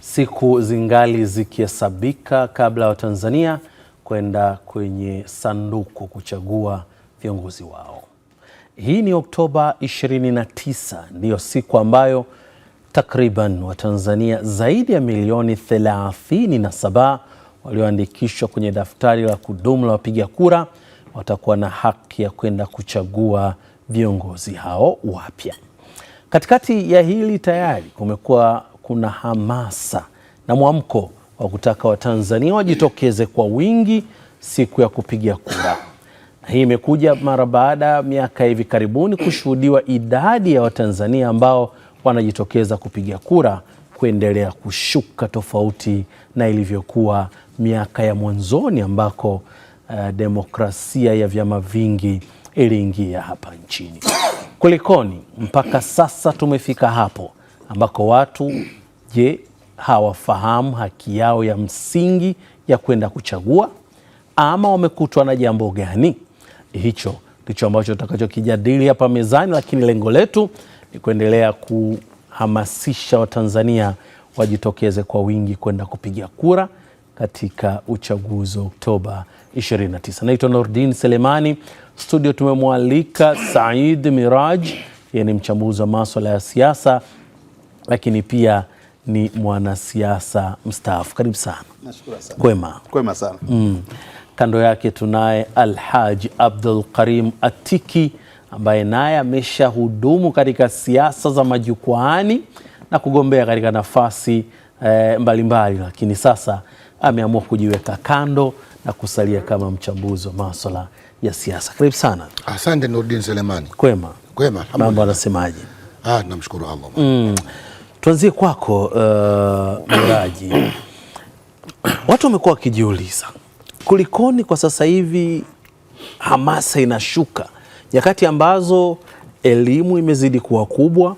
Siku zingali zikihesabika kabla ya Watanzania kwenda kwenye sanduku kuchagua viongozi wao. Hii ni Oktoba 29, ndiyo siku ambayo takriban Watanzania zaidi ya milioni 37 walioandikishwa kwenye daftari la kudumu la wapiga kura watakuwa na haki ya kwenda kuchagua viongozi hao wapya. Katikati ya hili tayari kumekuwa kuna hamasa na mwamko wa kutaka Watanzania wajitokeze kwa wingi siku ya kupiga kura. Hii imekuja mara baada ya miaka hivi karibuni kushuhudiwa idadi ya Watanzania ambao wanajitokeza kupiga kura kuendelea kushuka tofauti na ilivyokuwa miaka ya mwanzoni ambako uh, demokrasia ya vyama vingi iliingia hapa nchini. Kulikoni mpaka sasa tumefika hapo ambako watu, je, hawafahamu haki yao ya msingi ya kwenda kuchagua ama wamekutwa na jambo gani? hicho ndicho ambacho tutakachokijadili hapa mezani, lakini lengo letu ni kuendelea kuhamasisha Watanzania wajitokeze kwa wingi kwenda kupiga kura katika uchaguzi wa Oktoba 29. Naitwa Nordin Selemani, studio tumemwalika Said Miraj, yeye ni mchambuzi wa maswala ya siasa, lakini pia ni mwanasiasa mstaafu. Karibu sana. Nashukuru sana. Kwema. Kwema sana. Mm. Kando yake tunaye Alhaji Abdul Karim Atiki ambaye naye ameshahudumu katika siasa za majukwaani na kugombea katika nafasi eh, mbalimbali eh, mbali, lakini sasa ameamua kujiweka kando na kusalia kama mchambuzi wa maswala ya siasa. Karibu sana. Asante Nurdin Selemani. Kwema. Kwema. Mambo anasemaje? Ah, namshukuru Allah. Mm. Tuanzie kwako uh, Miraji. Watu wamekuwa wakijiuliza kulikoni kwa sasa hivi hamasa inashuka, nyakati ambazo elimu imezidi kuwa kubwa,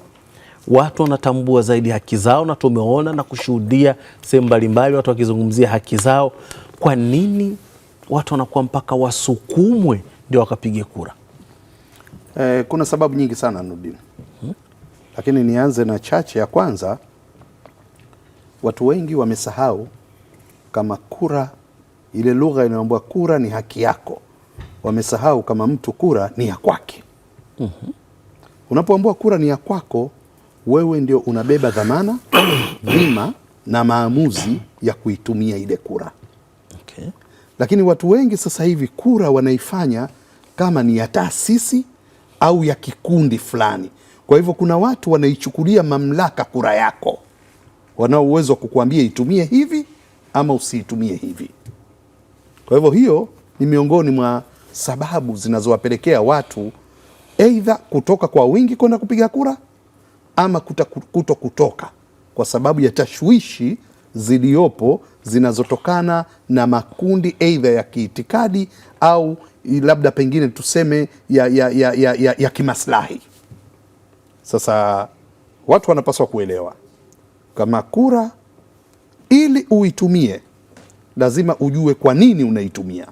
watu wanatambua zaidi haki zao, na tumeona na kushuhudia sehemu mbalimbali watu wakizungumzia haki zao. Kwa nini watu wanakuwa mpaka wasukumwe ndio wakapige kura? Eh, kuna sababu nyingi sana Nurdin, hmm? Lakini nianze na chache. Ya kwanza, watu wengi wamesahau kama kura ile lugha inayoambua kura ni haki yako, wamesahau kama mtu kura ni ya kwake. mm -hmm. Unapoambua kura ni ya kwako wewe, ndio unabeba dhamana dhima na maamuzi ya kuitumia ile kura okay. Lakini watu wengi sasa hivi kura wanaifanya kama ni ya taasisi au ya kikundi fulani. Kwa hivyo kuna watu wanaichukulia mamlaka kura yako, wanao uwezo wa kukuambia itumie hivi ama usiitumie hivi. Kwa hivyo hiyo ni miongoni mwa sababu zinazowapelekea watu aidha kutoka kwa wingi kwenda kupiga kura ama kuto kutoka kwa sababu ya tashwishi ziliyopo zinazotokana na makundi aidha ya kiitikadi au labda pengine tuseme ya, ya, ya, ya, ya, ya kimaslahi. Sasa watu wanapaswa kuelewa kama kura ili uitumie lazima ujue kwa nini unaitumia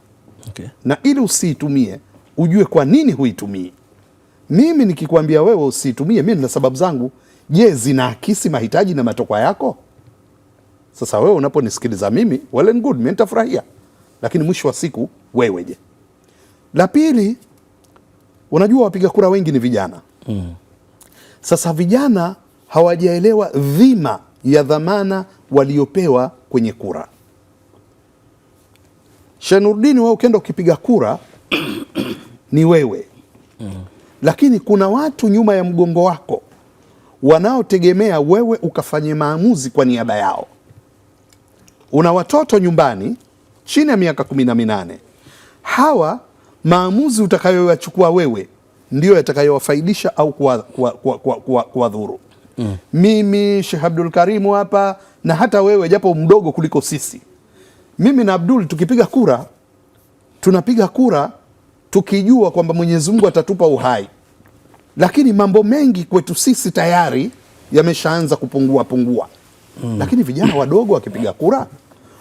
okay. Na ili usiitumie ujue kwa nini huitumii. Mimi nikikwambia wewe usiitumie, mimi nina sababu zangu. Je, zinaakisi mahitaji na matokwa yako? Sasa wewe unaponisikiliza mimi, well and good, mimi nitafurahia, lakini mwisho wa siku wewe je? La pili, unajua wapiga kura wengi ni vijana mm. Sasa vijana hawajaelewa dhima ya dhamana waliopewa kwenye kura. Shenurdini, wewe ukienda ukipiga kura ni wewe mm. Lakini kuna watu nyuma ya mgongo wako wanaotegemea wewe ukafanye maamuzi kwa niaba yao. Una watoto nyumbani chini ya miaka kumi na minane. Hawa maamuzi utakayoyachukua wewe ndiyo yatakayowafaidisha au kuwadhuru. mm. Mimi Sheikh Abdul Karimu hapa na hata wewe, japo mdogo kuliko sisi mimi na Abdul tukipiga kura tunapiga kura tukijua kwamba Mwenyezi Mungu atatupa uhai, lakini mambo mengi kwetu sisi tayari yameshaanza kupungua pungua mm. Lakini vijana wadogo wakipiga kura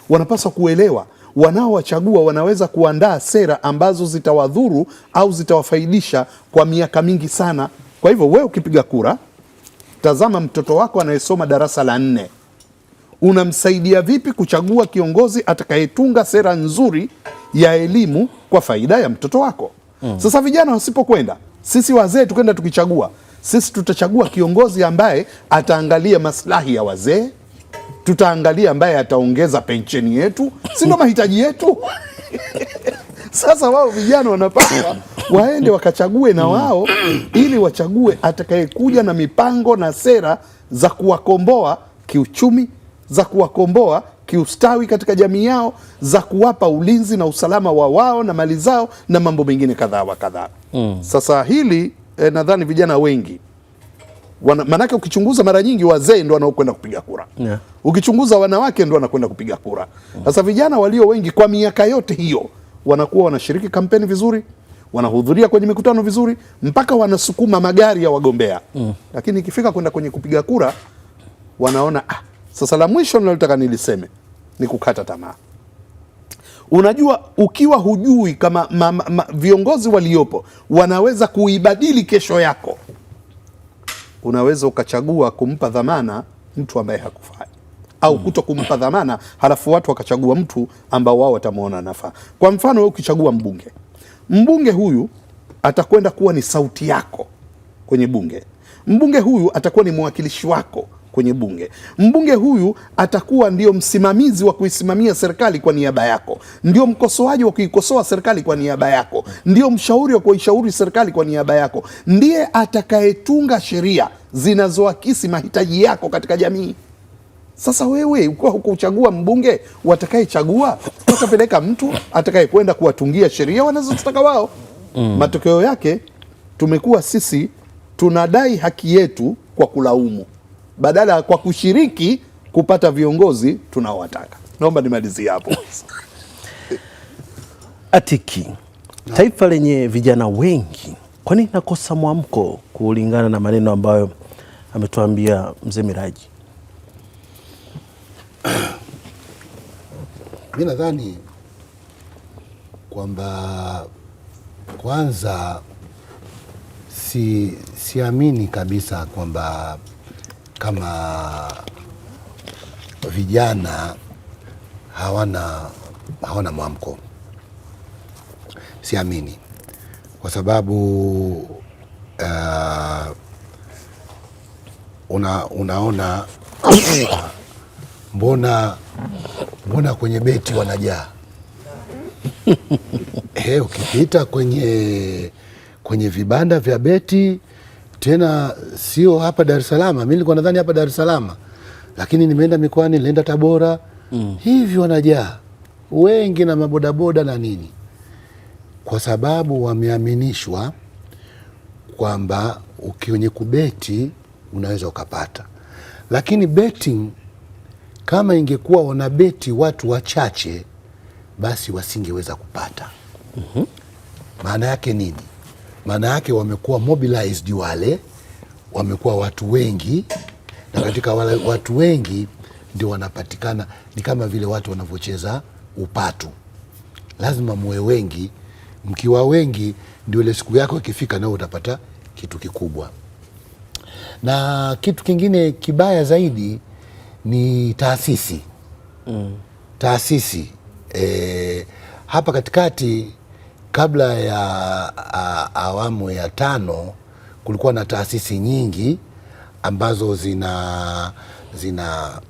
wanapaswa kuelewa wanaowachagua wanaweza kuandaa sera ambazo zitawadhuru au zitawafaidisha kwa miaka mingi sana. Kwa hivyo wewe ukipiga kura, tazama mtoto wako anayesoma darasa la nne unamsaidia vipi kuchagua kiongozi atakayetunga sera nzuri ya elimu kwa faida ya mtoto wako. Mm. Sasa vijana wasipokwenda, sisi wazee tukenda tukichagua, sisi tutachagua kiongozi ambaye ataangalia maslahi ya wazee, tutaangalia ambaye ataongeza pensheni yetu, si ndo mahitaji yetu? Sasa wao vijana wanapaswa waende wakachague na wao, ili wachague atakayekuja na mipango na sera za kuwakomboa kiuchumi za kuwakomboa kiustawi katika jamii yao, za kuwapa ulinzi na usalama wa wao na mali zao na mambo mengine kadhaa wa kadhaa mm. Sasa hili eh, nadhani vijana wengi maanake ukichunguza mara nyingi wazee ndo wanaokwenda kupiga kura yeah. Ukichunguza wanawake ndo wanakwenda kupiga kura mm. sasa mm. Vijana walio wengi kwa miaka yote hiyo wanakuwa wanashiriki kampeni vizuri wanahudhuria kwenye mikutano vizuri mpaka wanasukuma magari ya wagombea mm. Lakini ikifika kwenda kwenye kupiga kura wanaona ah, sasa la mwisho ninalotaka niliseme ni kukata tamaa. Unajua, ukiwa hujui kama ma, ma, ma, viongozi waliopo wanaweza kuibadili kesho yako, unaweza ukachagua kumpa dhamana mtu ambaye hakufai au mm. kuto kumpa dhamana, halafu watu wakachagua mtu ambao wao watamwona nafaa. Kwa mfano, wewe ukichagua mbunge, mbunge huyu atakwenda kuwa ni sauti yako kwenye bunge. Mbunge huyu atakuwa ni mwakilishi wako kwenye bunge. Mbunge huyu atakuwa ndio msimamizi wa kuisimamia serikali kwa niaba yako, ndio mkosoaji wa kuikosoa serikali kwa niaba yako, ndio mshauri wa kuishauri serikali kwa niaba yako, ndiye atakayetunga sheria zinazoakisi mahitaji yako katika jamii. Sasa wewe ukiwa hukuchagua mbunge, watakayechagua watapeleka mtu atakayekwenda kuwatungia sheria wanazotaka wao. Mm. Matokeo yake tumekuwa sisi tunadai haki yetu kwa kulaumu badala ya kwa kushiriki kupata viongozi tunaowataka. Naomba nimalizie hapo. Atiki, taifa lenye vijana wengi kwa nini nakosa mwamko, kulingana na maneno ambayo ametuambia mzee Miraji? Mi nadhani kwamba kwanza, si siamini kabisa kwamba kama vijana hawana hawana mwamko, siamini kwa sababu uh, una, unaona mbona mbona kwenye beti wanajaa eh, ukipita kwenye kwenye vibanda vya beti tena sio hapa Dar es Salaam. Mimi nilikuwa nadhani hapa Dar es Salaam, lakini nimeenda mikoani, nilienda Tabora mm. hivyo wanajaa wengi na mabodaboda na nini, kwa sababu wameaminishwa kwamba ukiwenye kubeti unaweza ukapata. Lakini betting kama ingekuwa wanabeti watu wachache, basi wasingeweza kupata. mm -hmm. maana yake nini? maana yake wamekuwa mobilized wale, wamekuwa watu wengi, na katika wale watu wengi ndio wanapatikana. Ni kama vile watu wanavyocheza upatu, lazima muwe wengi. Mkiwa wengi, ndio ile siku yako ikifika, nao utapata kitu kikubwa. Na kitu kingine kibaya zaidi ni taasisi mm. Taasisi e, hapa katikati kabla ya a, awamu ya tano kulikuwa na taasisi nyingi ambazo zina zina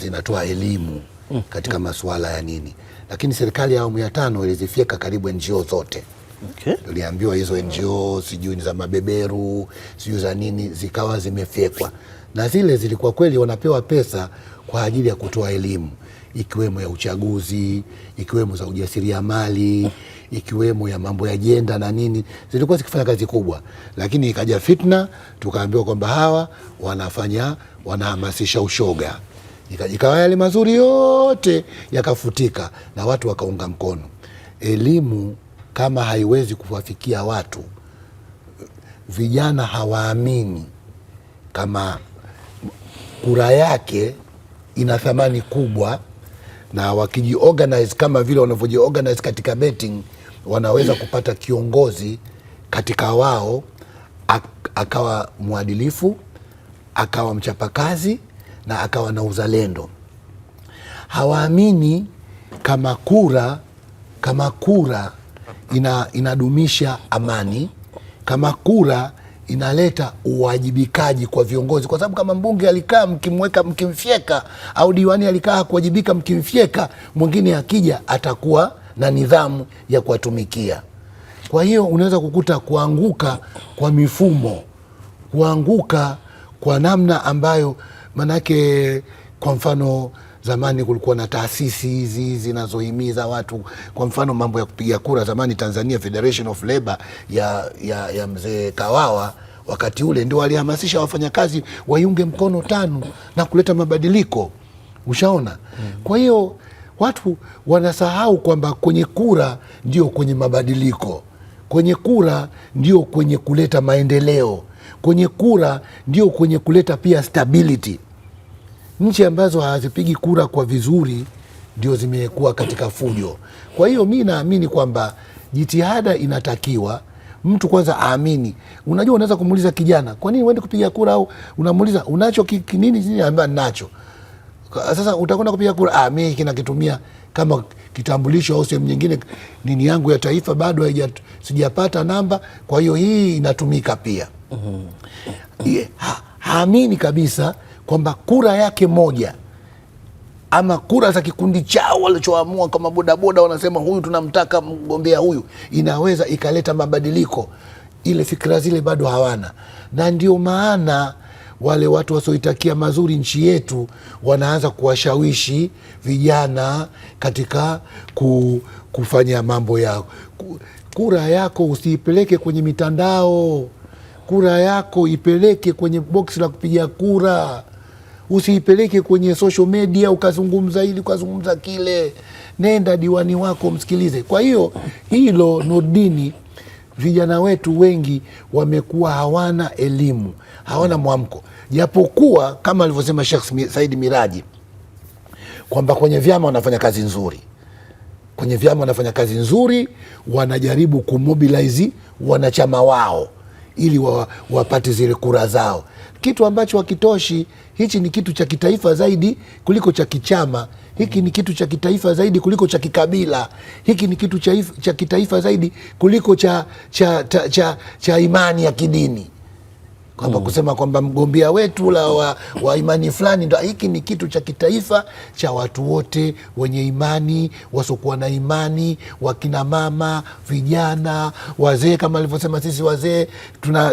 zinatoa elimu mm. katika masuala ya nini, lakini serikali ya awamu ya tano ilizifyeka karibu NGO zote. Okay. Tuliambiwa hizo NGO sijui ni za mabeberu sijui za nini, zikawa zimefyekwa, na zile zilikuwa kweli wanapewa pesa kwa ajili ya kutoa elimu ikiwemo ya uchaguzi, ikiwemo za ujasiriamali ikiwemo ya mambo ya jenda na nini, zilikuwa zikifanya kazi kubwa, lakini ikaja fitna, tukaambiwa kwamba hawa wanafanya wanahamasisha ushoga, ikawa yale mazuri yote yakafutika na watu wakaunga mkono elimu. Kama haiwezi kuwafikia watu, vijana hawaamini kama kura yake ina thamani kubwa na wakijiorganize kama vile wanavyojiorganize katika betting wanaweza kupata kiongozi katika wao akawa mwadilifu, akawa mchapakazi na akawa na uzalendo. Hawaamini kama kura kama kura ina, inadumisha amani, kama kura inaleta uwajibikaji kwa viongozi, kwa sababu kama mbunge alikaa mkimweka mkimfyeka, au diwani alikaa kuwajibika mkimfyeka, mwingine akija atakuwa na nidhamu ya kuwatumikia. Kwa hiyo unaweza kukuta kuanguka kwa mifumo, kuanguka kwa namna ambayo manake, kwa mfano zamani kulikuwa na taasisi hizi zinazohimiza watu, kwa mfano mambo ya kupiga kura zamani Tanzania Federation of ya, ya, ya mzee Kawawa wakati ule ndio walihamasisha wafanyakazi waiunge mkono TANU na kuleta mabadiliko, ushaona. Mm. Kwa hiyo watu wanasahau kwamba kwenye kura ndio kwenye mabadiliko, kwenye kura ndio kwenye kuleta maendeleo, kwenye kura ndio kwenye kuleta pia stability. Nchi ambazo hazipigi kura kwa vizuri ndio zimekuwa katika fujo. Kwa hiyo mi naamini kwamba jitihada inatakiwa mtu kwanza aamini. Unajua, unaweza kumuuliza kijana, kwa nini uende kupiga kura? Au unamuuliza unacho nini? Nini ambayo nacho sasa utakwenda kupiga kura, ah, mi kinakitumia kama kitambulisho au sehemu nyingine, nini yangu ya taifa bado sijapata namba, kwa hiyo hii inatumika pia. Mm-hmm. Ha, haamini kabisa kwamba kura yake moja ama kura za kikundi chao walichoamua, kama bodaboda wanasema huyu tunamtaka mgombea huyu, inaweza ikaleta mabadiliko. Ile fikira zile bado hawana, na ndio maana wale watu wasioitakia mazuri nchi yetu wanaanza kuwashawishi vijana katika ku, kufanya mambo yao. Kura yako usiipeleke kwenye mitandao, kura yako ipeleke kwenye boksi la kupiga kura, usiipeleke kwenye social media ukazungumza hili ukazungumza kile. Nenda diwani wako msikilize. Kwa hiyo hilo Nurdini vijana wetu wengi wamekuwa hawana elimu, hawana mwamko, japokuwa kama alivyosema shekh Said Miraji kwamba kwenye vyama wanafanya kazi nzuri kwenye vyama wanafanya kazi nzuri, wanajaribu kumobilize wanachama wao ili wapate zile kura zao, kitu ambacho hakitoshi hichi ni kitu cha kitaifa zaidi kuliko cha kichama, hiki ni kitu cha kitaifa zaidi kuliko cha kikabila, hiki ni kitu cha, cha kitaifa zaidi kuliko cha, cha, cha, cha, cha imani ya kidini kwamba mm. kusema kwamba mgombea wetu la wa, wa imani fulani ndo. Hiki ni kitu cha kitaifa cha watu wote wenye imani, wasiokuwa na imani, wakina mama, vijana, wazee. Kama alivyosema, sisi wazee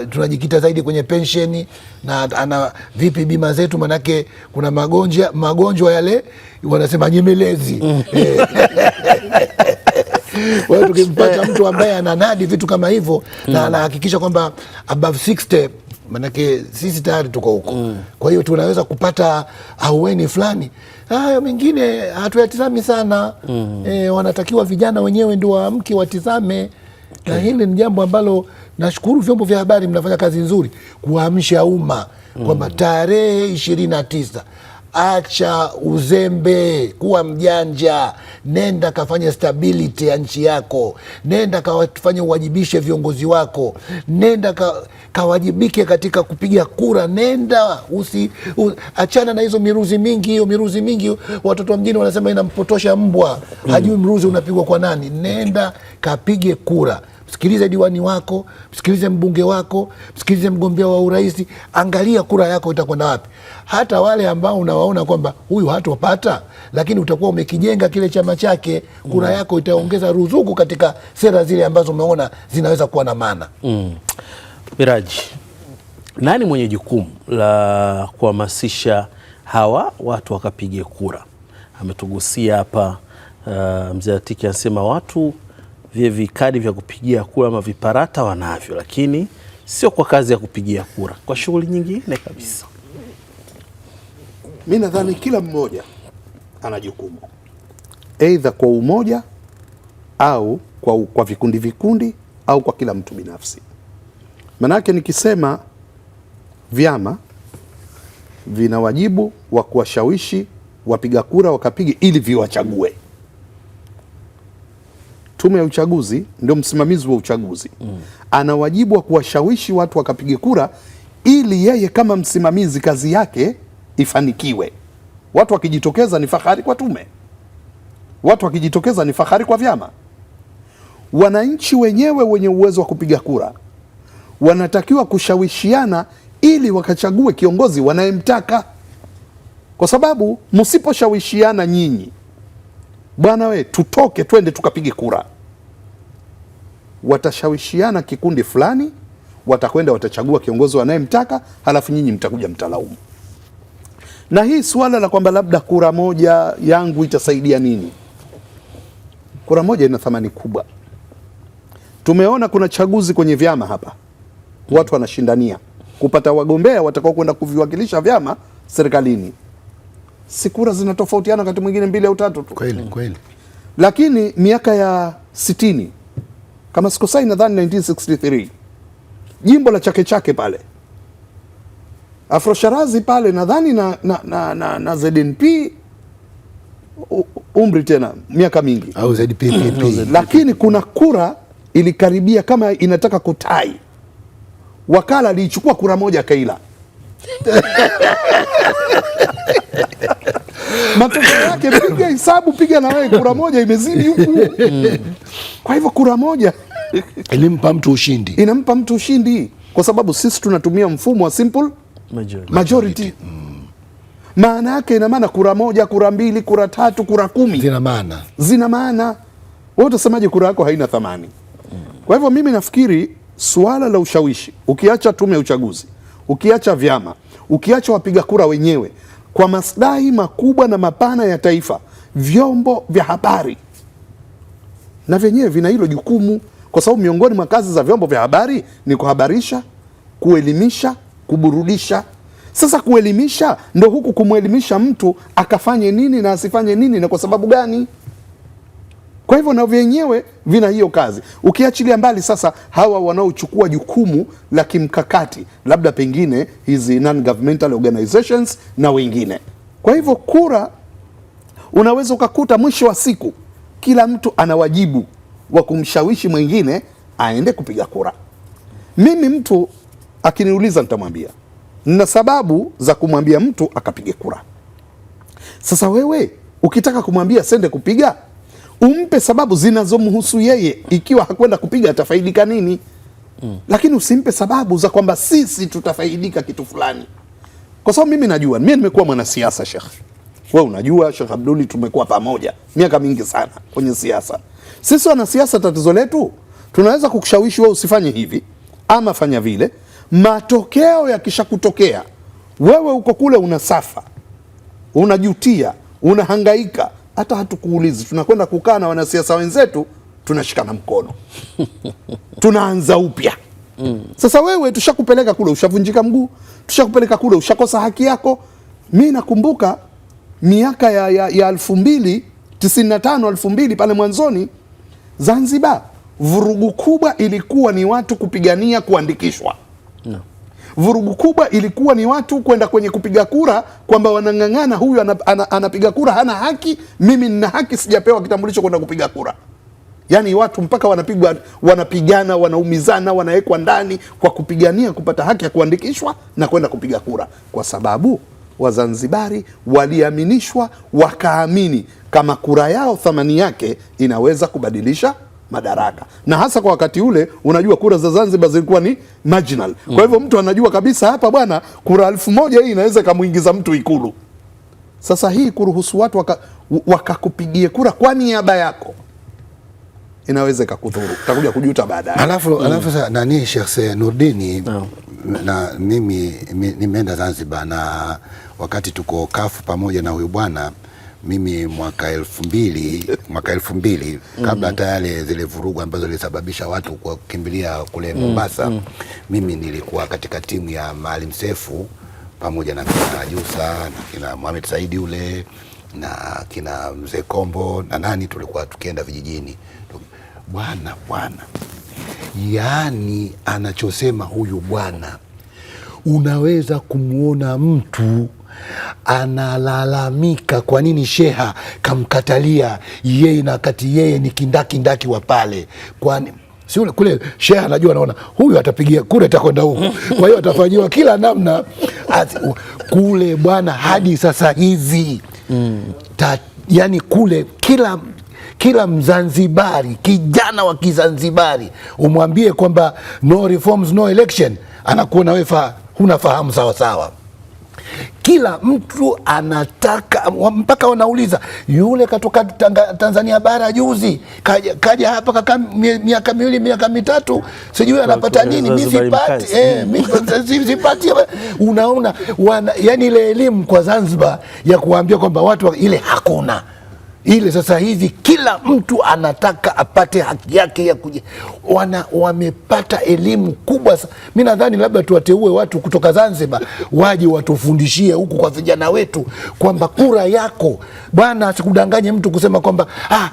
tunajikita tuna zaidi kwenye pensheni na ana vipi bima zetu, manake kuna magonjwa magonjwa yale wanasema nyemelezi mm. eh. tukimpata mtu ambaye ananadi vitu kama hivyo na mm. anahakikisha kwamba above 60 Manake sisi tayari tuko huko mm. Kwa hiyo tunaweza kupata aueni fulani. Hayo mengine hatuyatizami sana mm. E, wanatakiwa vijana wenyewe ndio waamke watizame okay. Na hili ni jambo ambalo nashukuru vyombo vya habari mnafanya kazi nzuri kuwaamsha umma mm. kwamba tarehe ishirini na tisa acha uzembe, kuwa mjanja, nenda kafanya stability ya nchi yako, nenda kafanya uwajibishe viongozi wako, nenda ka, kawajibike katika kupiga kura, nenda usi, u, achana na hizo miruzi mingi. Hiyo miruzi mingi watoto wa mjini wanasema inampotosha mbwa, hmm. hajui mruzi unapigwa kwa nani. Nenda kapige kura msikilize diwani wako, msikilize mbunge wako, msikilize mgombea wa urais, angalia kura yako itakwenda wapi. Hata wale ambao unawaona kwamba huyu hatopata, lakini utakuwa umekijenga kile chama chake, kura mm. yako itaongeza ruzuku katika sera zile ambazo umeona zinaweza kuwa na maana. Mm. Miraji, nani mwenye jukumu la kuhamasisha hawa watu wakapige kura? Ametugusia hapa uh, mzee Atiki anasema watu vile vikadi vya kupigia kura ama viparata wanavyo, lakini sio kwa kazi ya kupigia kura, kwa shughuli nyingine kabisa. Mi nadhani kila mmoja ana jukumu, aidha kwa umoja au kwa, kwa vikundi vikundi au kwa kila mtu binafsi. Manake nikisema vyama vina wajibu wa kuwashawishi wapiga kura wakapige ili viwachague. Tume ya Uchaguzi ndio msimamizi wa uchaguzi mm. Ana wajibu wa kuwashawishi watu wakapige kura, ili yeye kama msimamizi kazi yake ifanikiwe. Watu wakijitokeza ni fahari kwa tume, watu wakijitokeza ni fahari kwa vyama. Wananchi wenyewe wenye uwezo wa kupiga kura wanatakiwa kushawishiana ili wakachague kiongozi wanayemtaka, kwa sababu msiposhawishiana nyinyi, bwana we, tutoke twende tukapige kura watashawishiana kikundi fulani, watakwenda watachagua kiongozi wanayemtaka, halafu nyinyi mtakuja mtalaumu. Na hii suala la kwamba labda kura moja yangu itasaidia nini, kura moja ina thamani kubwa. Tumeona kuna chaguzi kwenye vyama hapa, watu wanashindania kupata wagombea watakao kwenda kuviwakilisha vyama serikalini, si kura zinatofautiana wakati mwingine mbili au tatu tu. Kweli kweli. Lakini miaka ya sitini kama sikosai, nadhani 1963 jimbo la Chake Chake pale Sharazi pale nadhani na, na, na, na, na ZNP umri tena miaka mingi au ZPPP, lakini kuna kura ilikaribia kama inataka kutai, wakala aliichukua kura moja kaila matokeo yake, piga hesabu, piga na wewe, kura moja imezidi huku. Kwa hivyo kura moja inampa mtu ushindi, inampa mtu ushindi kwa sababu sisi tunatumia mfumo wa simple majority, majority. Mm. Maana yake ina maana kura moja, kura mbili, kura tatu, kura kumi zina maana, zina maana. Wewe utasemaje kura yako haina thamani? Mm. Kwa hivyo mimi nafikiri suala la ushawishi, ukiacha tume ya uchaguzi, ukiacha vyama, ukiacha wapiga kura wenyewe kwa maslahi makubwa na mapana ya taifa. Vyombo vya habari na vyenyewe vina hilo jukumu, kwa sababu miongoni mwa kazi za vyombo vya habari ni kuhabarisha, kuelimisha, kuburudisha. Sasa kuelimisha ndo huku kumwelimisha mtu akafanye nini na asifanye nini na kwa sababu gani. Kwa hivyo na vyenyewe vina hiyo kazi, ukiachilia mbali sasa hawa wanaochukua jukumu la kimkakati, labda pengine hizi non governmental organizations na wengine. Kwa hivyo kura, unaweza ukakuta mwisho wa siku kila mtu ana wajibu wa kumshawishi mwingine aende kupiga kura. Mimi mtu akiniuliza, nitamwambia nina sababu za kumwambia mtu akapige kura. Sasa wewe ukitaka kumwambia sende kupiga umpe sababu zinazomhusu yeye. Ikiwa hakwenda kupiga atafaidika nini? Mm. Lakini usimpe sababu za kwamba sisi tutafaidika kitu fulani, kwa sababu mimi najua, mimi nimekuwa mwanasiasa Sheikh, we unajua Sheikh Abduli, tumekuwa pamoja miaka mingi sana kwenye siasa. Sisi wanasiasa, tatizo letu tunaweza kukushawishi wewe usifanye hivi ama fanya vile, matokeo yakishakutokea wewe uko kule unasafa, unajutia, unahangaika hata hatukuulizi, tunakwenda kukaa na wanasiasa wenzetu, tunashikana mkono tunaanza upya mm. Sasa wewe tushakupeleka kule, ushavunjika mguu, tushakupeleka kule, ushakosa haki yako. Mi nakumbuka miaka ya, ya, ya elfu mbili tisini na tano elfu mbili pale mwanzoni Zanzibar, vurugu kubwa ilikuwa ni watu kupigania kuandikishwa vurugu kubwa ilikuwa ni watu kwenda kwenye kupiga kura, kwamba wanang'ang'ana, huyu anapiga ana, ana, ana kura hana haki, mimi nina haki, sijapewa kitambulisho kwenda kupiga kura. Yaani watu mpaka wanapigwa, wanapigana, wanaumizana, wanawekwa ndani kwa kupigania kupata haki ya kuandikishwa na kwenda kupiga kura, kwa sababu Wazanzibari waliaminishwa wakaamini kama kura yao thamani yake inaweza kubadilisha madaraka na hasa kwa wakati ule, unajua kura za Zanzibar zilikuwa ni marginal. Kwa hivyo mtu anajua kabisa hapa bwana, kura elfu moja hii inaweza ikamwingiza mtu Ikulu. Sasa hii kuruhusu watu wakakupigie waka kura kwa niaba yako inaweza ikakudhuru, utakuja kujuta baadaye. Alafu mm. alafu sasa nani, Sheikh Nurdini no. na mimi nimeenda Zanzibar na wakati tuko kafu pamoja na huyu bwana mimi mwaka elfu mbili mwaka elfu mbili kabla mm. hata yale zile vurugu ambazo zilisababisha watu kwa kukimbilia kule mm, Mombasa, mm. mimi nilikuwa katika timu ya Maalim Sefu pamoja na kina Jusa na kina Mohamed Saidi ule na kina Mzee Kombo na nani, tulikuwa tukienda vijijini. Bwana bwana, yaani anachosema huyu bwana, unaweza kumwona mtu analalamika kwa nini sheha kamkatalia yeye, na wakati yeye ni kindakindaki wa pale, kwani si kule sheha anajua, anaona huyu atapigia kura atakwenda huku, kwa hiyo atafanyiwa kila namna ati, kule bwana, hadi sasa hizi mm. yani kule kila kila Mzanzibari, kijana wa Kizanzibari umwambie kwamba no reforms, no election, anakuona wefa huna fahamu sawasawa. Kila mtu anataka mpaka wanauliza yule katoka Tanzania bara juzi kaja, kaja hapa kaka miaka miwili miaka mitatu sijui anapata nini, mimi sipati eh, mimi sipati. Unaona wana, yani ile elimu kwa Zanzibar ya kuambia kwamba watu ile hakuna ile sasa hivi kila mtu anataka apate haki yake ya kuji, wana wamepata elimu kubwa. Mi nadhani labda tuwateue watu kutoka Zanzibar waje watufundishie huku kwa vijana wetu kwamba kura yako bwana, asikudanganye mtu kusema kwamba ah,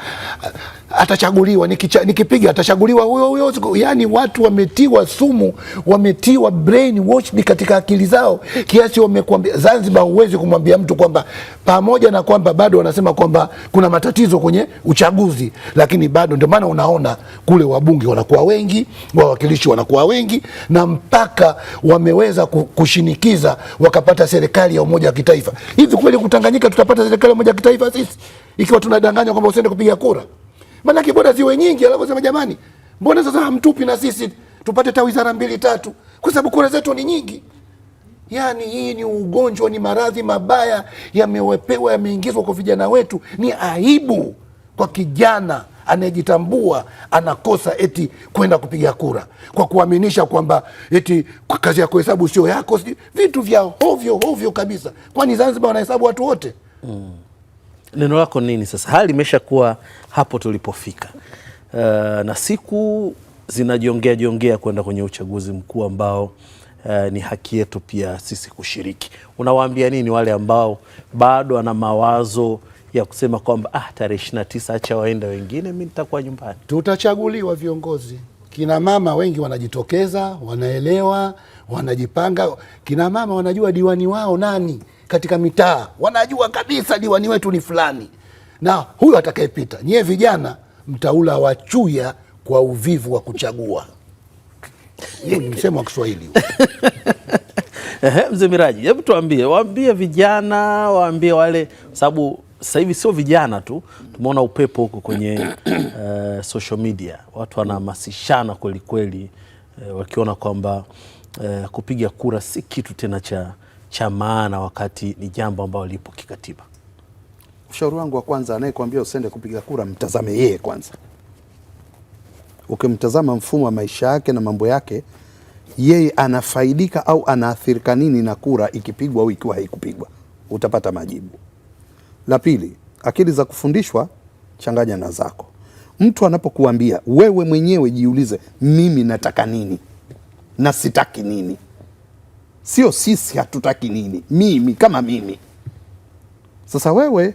atachaguliwa, nikipiga atachaguliwa huyo huyo. Yani watu wametiwa sumu, wametiwa brain ni katika akili zao kiasi wamekwambia. Zanzibar huwezi kumwambia mtu kwamba, pamoja na kwamba bado wanasema kwamba kuna matatizo kwenye uchaguzi, lakini bado ndio maana unaona kule wabunge wanakuwa wengi, wawakilishi wanakuwa wengi, na mpaka wameweza kushinikiza wakapata serikali ya umoja wa kitaifa. Hivi kweli kutanganyika tutapata serikali ya umoja wa kitaifa sisi ikiwa tunadanganywa kwamba usiende kupiga kura? Maanake bora ziwe nyingi, alafu sema jamani, mbona sasa hamtupi na sisi tupate ta wizara mbili tatu, kwa sababu kura zetu ni nyingi. Yaani hii ni ugonjwa, ni maradhi mabaya yamewepewa, yameingizwa kwa vijana wetu. Ni aibu kwa kijana anayejitambua anakosa eti kwenda kupiga kura kwa kuaminisha kwamba eti kazi ya kuhesabu sio yako, vitu vya hovyo hovyo kabisa. Kwani Zanzibar wanahesabu watu wote mm. Neno lako nini sasa? Hali imeshakuwa hapo tulipofika, uh, na siku zinajiongea jiongea kwenda kwenye uchaguzi mkuu ambao uh, ni haki yetu pia sisi kushiriki. Unawaambia nini wale ambao bado wana mawazo ya kusema kwamba ah, tarehe 29 acha waenda wengine, mimi nitakuwa nyumbani? Tutachaguliwa viongozi. Kina mama wengi wanajitokeza, wanaelewa, wanajipanga. Kina mama wanajua diwani wao nani katika mitaa wanajua kabisa diwani wetu ni fulani, na huyo atakayepita, nyie vijana mtaula wachuya kwa uvivu wa kuchagua. Hiyo ni msemo wa Kiswahili. Mzee Miraji, hebu tuambie, waambie vijana, waambie wale, sababu sasa hivi sio vijana tu, tumeona upepo huko kwenye uh, social media, watu wanahamasishana kwelikweli, uh, eh, wakiona kwamba uh, kupiga kura si kitu tena cha cha maana, wakati ni jambo ambalo lipo kikatiba. Ushauri wangu wa kwanza, anayekwambia usende kupiga kura, mtazame yeye kwanza. Ukimtazama mfumo wa maisha yake na mambo yake, yeye anafaidika au anaathirika nini na kura ikipigwa au ikiwa haikupigwa, utapata majibu. La pili, akili za kufundishwa changanya na zako. Mtu anapokuambia wewe mwenyewe, jiulize, mimi nataka nini na sitaki nini? sio sisi hatutaki nini, mimi kama mimi. Sasa wewe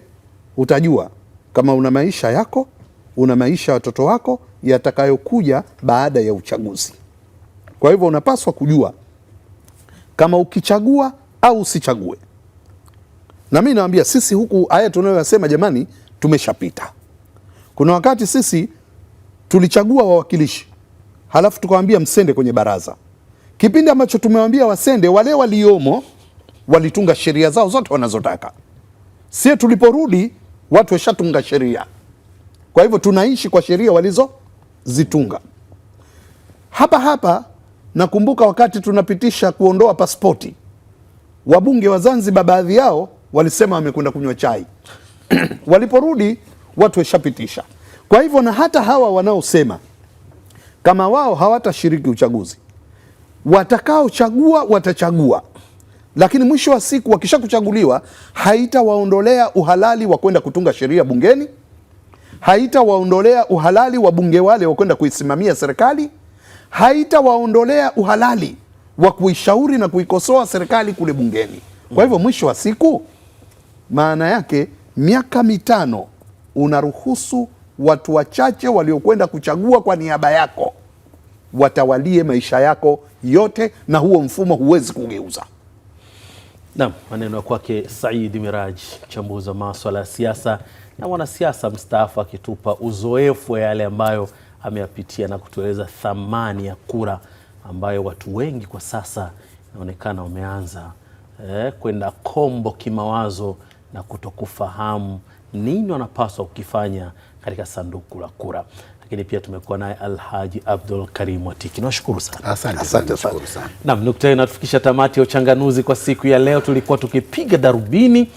utajua kama una maisha yako, una maisha ya watoto wako yatakayokuja baada ya uchaguzi. Kwa hivyo unapaswa kujua kama ukichagua au usichague. Na mi nawambia sisi, huku haya tunayoyasema, jamani, tumeshapita. Kuna wakati sisi tulichagua wawakilishi halafu tukawambia msende kwenye baraza Kipindi ambacho tumewambia wasende, wale waliomo walitunga sheria zao zote wanazotaka. Sie tuliporudi watu washatunga sheria, kwa hivyo tunaishi kwa sheria walizozitunga. Hapa hapa nakumbuka wakati tunapitisha kuondoa paspoti wabunge wa Zanzibar baadhi yao walisema wamekwenda kunywa chai waliporudi watu washapitisha. Kwa hivyo na hata hawa wanaosema kama wao hawatashiriki uchaguzi watakaochagua watachagua, lakini mwisho wa siku wakishakuchaguliwa, haitawaondolea uhalali wa kwenda kutunga sheria bungeni, haitawaondolea uhalali wa bunge wale wa kwenda kuisimamia serikali, haitawaondolea uhalali wa kuishauri na kuikosoa serikali kule bungeni. Kwa hivyo mwisho wa siku, maana yake miaka mitano unaruhusu watu wachache waliokwenda kuchagua kwa niaba yako watawalie maisha yako yote, na huo mfumo huwezi kugeuza. Naam, maneno ya kwake Said Miraji, mchambuzi wa maswala ya siasa na mwanasiasa mstaafu, akitupa uzoefu wa yale ambayo ameyapitia na kutueleza thamani ya kura ambayo watu wengi kwa sasa inaonekana wameanza eh, kwenda kombo kimawazo na kutokufahamu nini wanapaswa kukifanya katika sanduku la kura lakini pia tumekuwa naye Alhaji Abdul Karim Watiki. Nawashukuru sana, asante asante sana. Naam, nukta inatufikisha tamati ya uchanganuzi kwa siku ya leo. Tulikuwa tukipiga darubini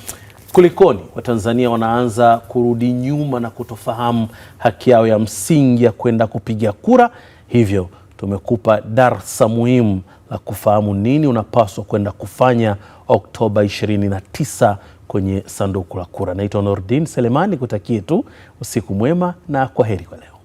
kulikoni Watanzania wanaanza kurudi nyuma na kutofahamu haki yao ya msingi ya kwenda kupiga kura. Hivyo tumekupa darsa muhimu la kufahamu nini unapaswa kwenda kufanya Oktoba 29 kwenye sanduku la kura. Naitwa Nordin Selemani, kutakie tu usiku mwema na kwa heri kwa leo.